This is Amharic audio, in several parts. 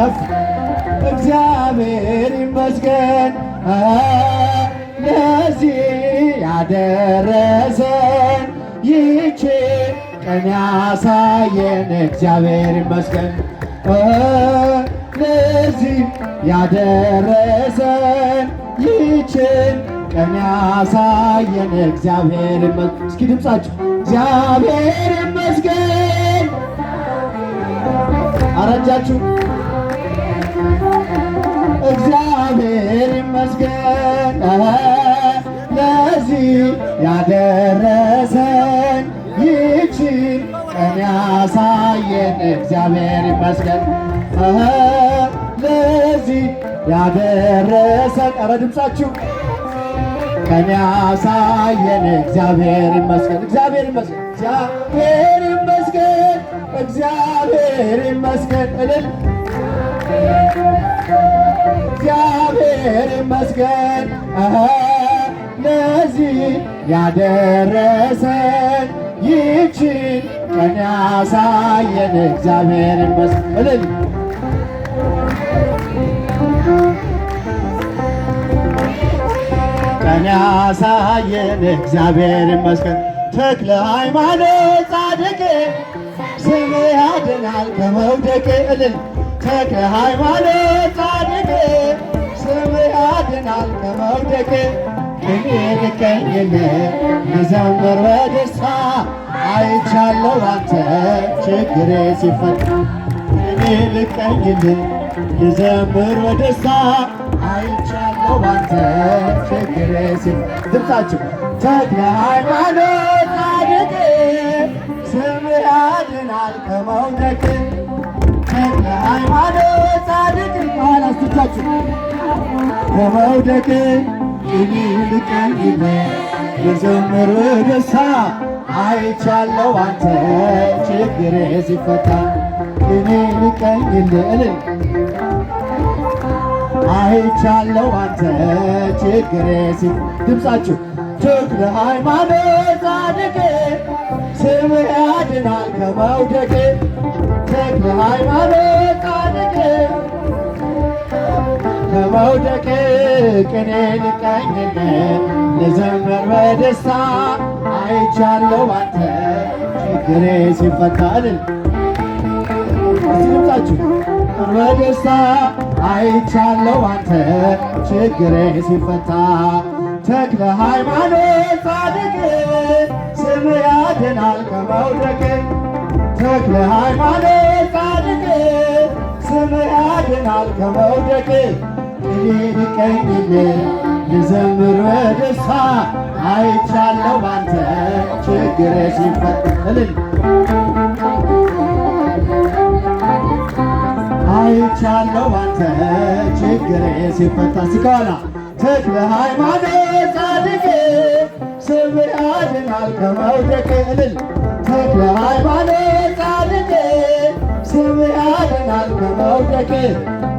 ከፍ እግዚአብሔር ይመስገን ለዚህ ያደረሰን ይቺ ቀን ያሳየን እግዚአብሔር ይመስገን ለዚህ ያደረሰን ይችን ቀን ያሳየን እግዚአብሔር ይመስገን። እስኪ ድምፃችሁ እግዚአብሔር ይመስገን አረጃችሁ እግዚአብሔር ይመስገን ለዚህ ያደረሰን ይችን ቀን ያሳየን እግዚአብሔር ይመስገን ለዚህ ያደረሰን ኧረ ድምፃችሁ ቀን ያሳየን እግዚአብሔር ይመስገን እግዚአብሔር ይመስገን እግዚአብሔር ይመስገን እግዚአብሔር ይመስገን እልል እግዚአብሔር ይመስገን ለዚህ ያደረሰን ይችን ቀን ያሳየን እግዚአብሔር ይመስገን። ቀን ያሳየን እግዚአብሔር ይመስገን። ተክለ ሃይማኖት ጻድቅ ስም ያድናል ከመውደቅ እልል ተከሃይማኖት ጻድቅ ስምህ ያድናል ከመውደቅ እንልከኝን መዘምር በደስታ አይቻለሁ አንተ ችግሬ ሲፈታ እንልከኝን ልዘምር በደስታ አይቻለሁ አንተ ችግሬ ሲፈታ ድምፃችሁ ተክለ ሃይማኖት ጻድቅ ስምህ ያድናል ከመውደቅ ሃይማኖት ጻድቅ ይባል አስቻችሁ ከመውደቅ ይልቀይለ የዘምር ደሳ አይቻለው አንተ ችግሬ ሲፈታ እኔ ልቀይል አይቻለው አንተ ችግሬ ሲ ድምፃችሁ ትክለ ሃይማኖት ጻድቅ ስም ያድናል ከመውደቅ ተክለ ሃይማኖት ከመውደቅ ቅኔን ቀኝነት ልዘምር በደስታ አይቻለው አንተ ችግሬ ሲፈታል ሲምጣችሁ በደስታ አይቻለው አንተ ችግሬ ሲፈታ ተክለ ሃይማኖት ጻድቅ ስም ያድናል ከመውደቅ ተክለ ሃይማኖት ጻድቅ ስም ያድናል ከመውደቄ እኔን ቀኝልኝ ልዘምር በደስታ አይቻለው ባንተ አይቻለው ባንተ ሲፈታ ሲከዋላ ተክለ ሃይማኖት ጻድቅ ስም ያድናል ከመውደቄ እልል ተክለ ሃይማኖት ይዘምረናል በመውደቅ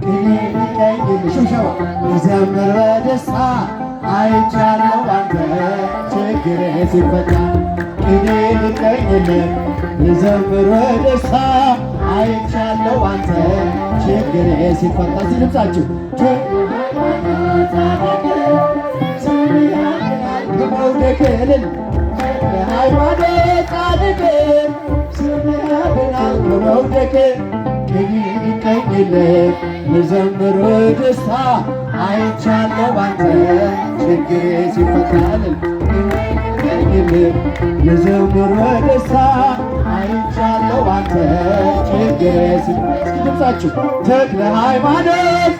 ይቀይል ሽብሸባ ይዘምር በደስታ አይቻለው አንተ ችግሬ ሲፈታ ቅኔ ይቀኝልን ይዘምር በደስታ አይቻለው አንተ ችግር ሲፈታ ሲልብሳችሁ ሃይማኖት ጻድቅ ስም ያድናል በመውደቅ ልገኝልህ ልዘምር ደስታ አይቻለሁ ባንተ ችግሬ ሲፈታልኝ ልገኝልህ ልዘምር ደስታ አይቻለሁ ባንተ ችግሬ ሲፈታልኝ ድምፃችሁ ተክለ ሃይማኖት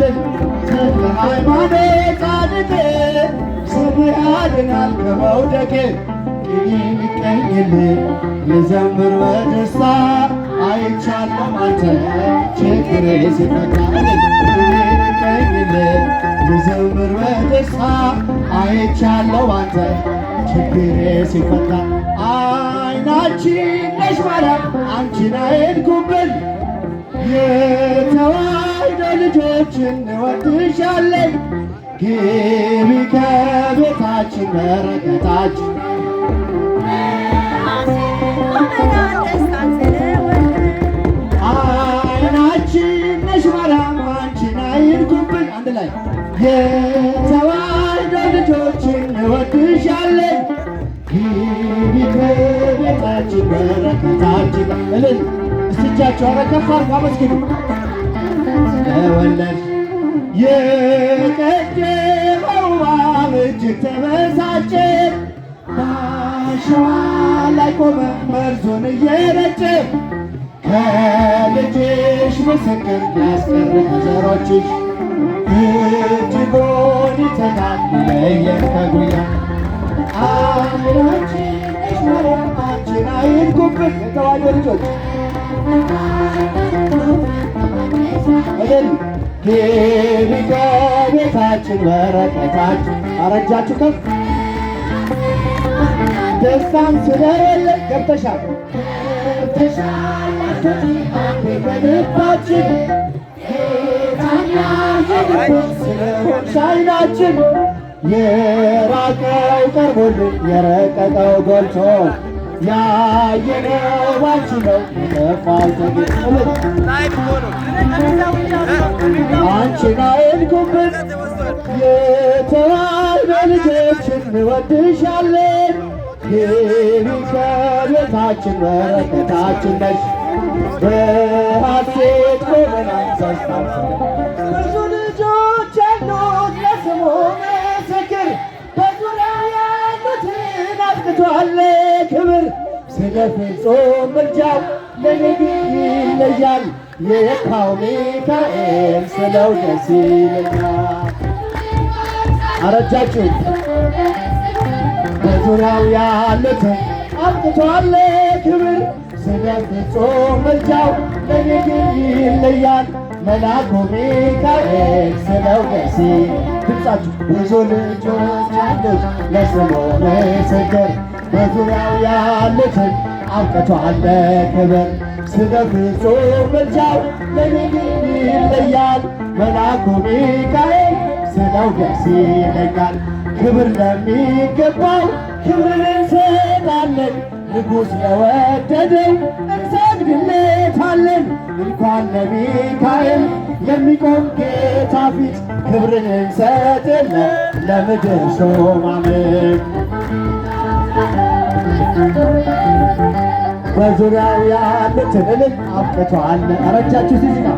ተክለ ሃይማኖት ጻድቅ ስምህ ያድናል ከመውደቄ ልገኝልህ ልዘምር በደስታ አይቻለሁ ማንተ ችግሬ ሲፈታ ልዘምር በደስታ አይቻለ አንተ ችግሬ ሲፈታ አይናችን ነሽ ማርያም አንቺን አይንኩብን የተዋሕዶ ልጆች እንወድሻለን ግቢ ከቤታችን በረከታችን የተዋህዶ ልጆች እንወድሻለን፣ ግቢ ቤታችን በረከታችን እልል እስጃቸው አረከፋ አመስግኑ ስለወለድ የቀደመው እጅግ ተበሳጨን ባሸዋ እየቆመ መርዙን እየረጨ ከልጅሽ ምስክር ያስቀር ዘሮችሽ እጅጎን ይተናል ለየት ከጉያ አይናችን ሽመረማችን አይንኩብን የተዋጆ ልጆች ግቢ ከቤታችን በረከታችን አረጃችሁ ከፍ ደስታም ስለሌለ ገብተሻል ገባችን ሻይናችን የራቀው ቀርቦልን የረቀቀው ጎልቶ ያየነው ነው የጠፋው አንቺን አይንኩብን የተዋልነ ልጆች እንወድሻለን ቤታችን በረከታችን ነሽ በሐሴት ቆመናንሳሽ ብዙ ልጆች ያሉት ለስሙ ምስክር በዙሪያ ያሉትን አብቅቷል ክብር ስለ ፍጹም ምልጃው ለንግ ይለያል የካው ሚካኤል ስለው ደስ ይለኛል። አረጃችሁ በዙሪያው ያሉትን አብቅቷል ክብር ስለ ፍጹም ምልጃው ለኔ ግን ይለያል መልአኩ ሚካኤል ስለው ደስ ድምፃችሁ ብዙ ልጆች አሉት ለስሙ ምስክር በዙሪያው ያሉትን አብቅቷል ክብር ስለ ምልጃው ለኔ ግን ይለያል መልአኩ ሚካኤል ስለው ደስ ይለኛል ክብር ለሚገባው ክብርን እንሰጣለን። ንጉሥ ለወደደው እንሰግድለታለን። እንኳን ለሚካኤል የሚቆም ጌታ ፊት ክብርን እንሰጥለ ለምድር ሾማምን በዙሪያው ያሉትን እልል አብቅቷል። አረጃችሁ ሲዝና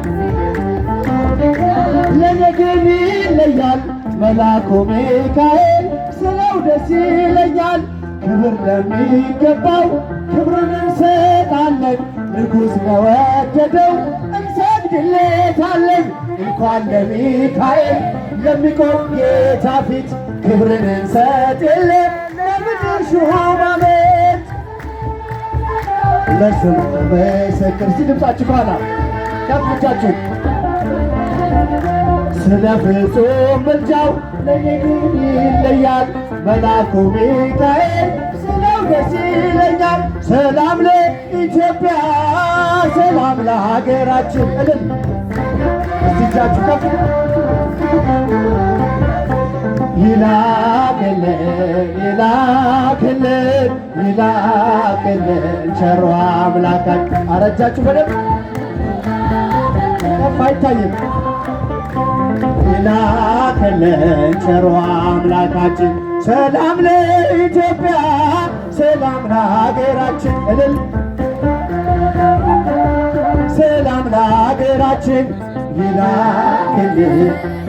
ለነገ ይለያል መልአኩ ሚካኤል ስለው ደስ ይለኛል። ክብር ለሚገባው ክብርን እንሰጣለን። ንጉሥ ለወደደው እንሰግድለታለን። እንኳን ለሚካኤል ለሚቆም ጌታ ፊት ክብርን እንሰጥ የለ ለምድር ሹማመት ለስሙ መሰክር እስቲ ድምፃችሁ ከኋላ ከፍ ስለ ፍጹም ምልጃው ለኔግን ይለያል መላኩ ሚካኤል ስለው ደስ ይለኛል። ሰላም ለኢትዮጵያ ሰላም ለሀገራችን እልል እስቲጃችሁ ከፍ ይላክልን ይላክልን ይላክልን ቸሮ አምላካችን አረጃችሁ በደምብ ከፍ አይታይም ላከለን ቸሮ አምላካችን። ሰላም ለኢትዮጵያ፣ ሰላም ለሀገራችን፣ እልል ሰላም ለሀገራችን። ይላክልን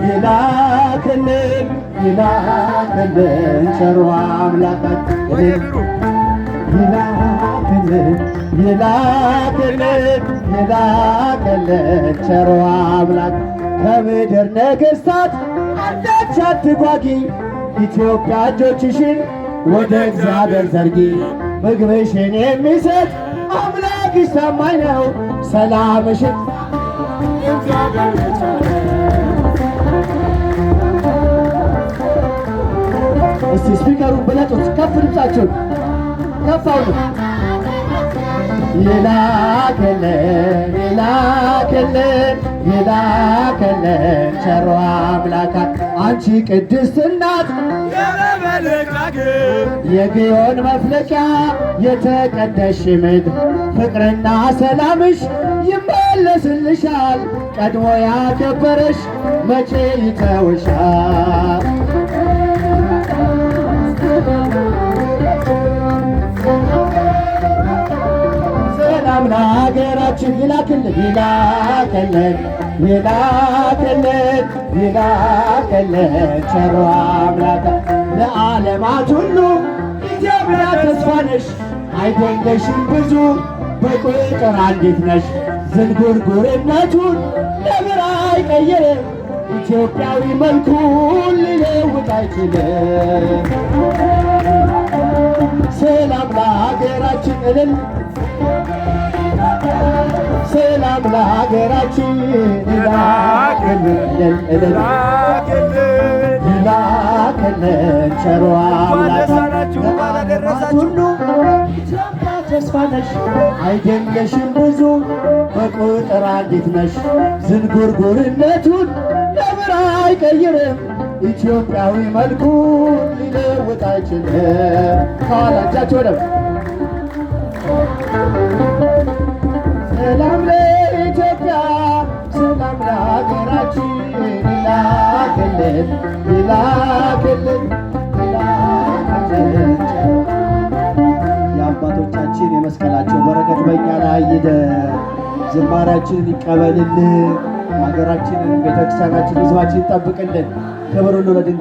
ይላክልን ይላክልን ቸሮ አምላካችን ይላክልን ይላክልን ይላክልን ቸሮ አምላክ ከምድር ነገሥታት አንዳች አትጓጊ፣ ኢትዮጵያ እጆችሽን ወደ እግዚአብሔር ዘርጊ። ምግብሽን የሚሰጥ አምላክሽ ታማኝ ነው። ሰላምሽን እስቲ ስፒከሩን ብለጡት፣ ከፍ ድምፃችሁን ከፍ አውሉ የላከልን የላከልን የላከልን ቸሮ አምላካ አንቺ ቅድስት እናት የግዮን መፍለቂያ የተቀደሽ ምድር ፍቅርና ሰላምሽ ይመለስልሻል። ቀድሞ ያከበረሽ መቼ ይተውሻል? ልባችን ይላክልን ይላክልን ይላክልን ይላክልን ቸሮ አምላክ ለዓለማት ሁሉ ኢትዮጵያ ተስፋ ነሽ። አይጎለሽም ብዙ በቁጥር አንዲት ነሽ። ዝንጉርጉርነቱን ለብር አይቀይርም ኢትዮጵያዊ መልኩን ሊለውጥ አይችልም። ሰላም ለሀገራችን እልል ሰላም ለሀገራችን ላክልን ቸሮ ኢትዮጵያ ተስፋ ነሽ አይደለሽም ብዙ በቁጥር አንዲት ነሽ ዝንጉርጉርነቱን አይቀይርም ኢትዮጵያዊ መልኩ ሊለውጥ አይችልም። ሰላም ለኢትዮጵያ ሰላም ለሀገራችን ይላክልን ይላክልን የአባቶቻችን የመስቀላቸው በረከት በእኛ ላይ ይደር። ዝማሪያችንን ይቀበልልን። ሀገራችንን፣ ቤተክርስቲያናችን፣ ህዝባችን ይጠብቅልን። ክብር ሁሉ ለድንግል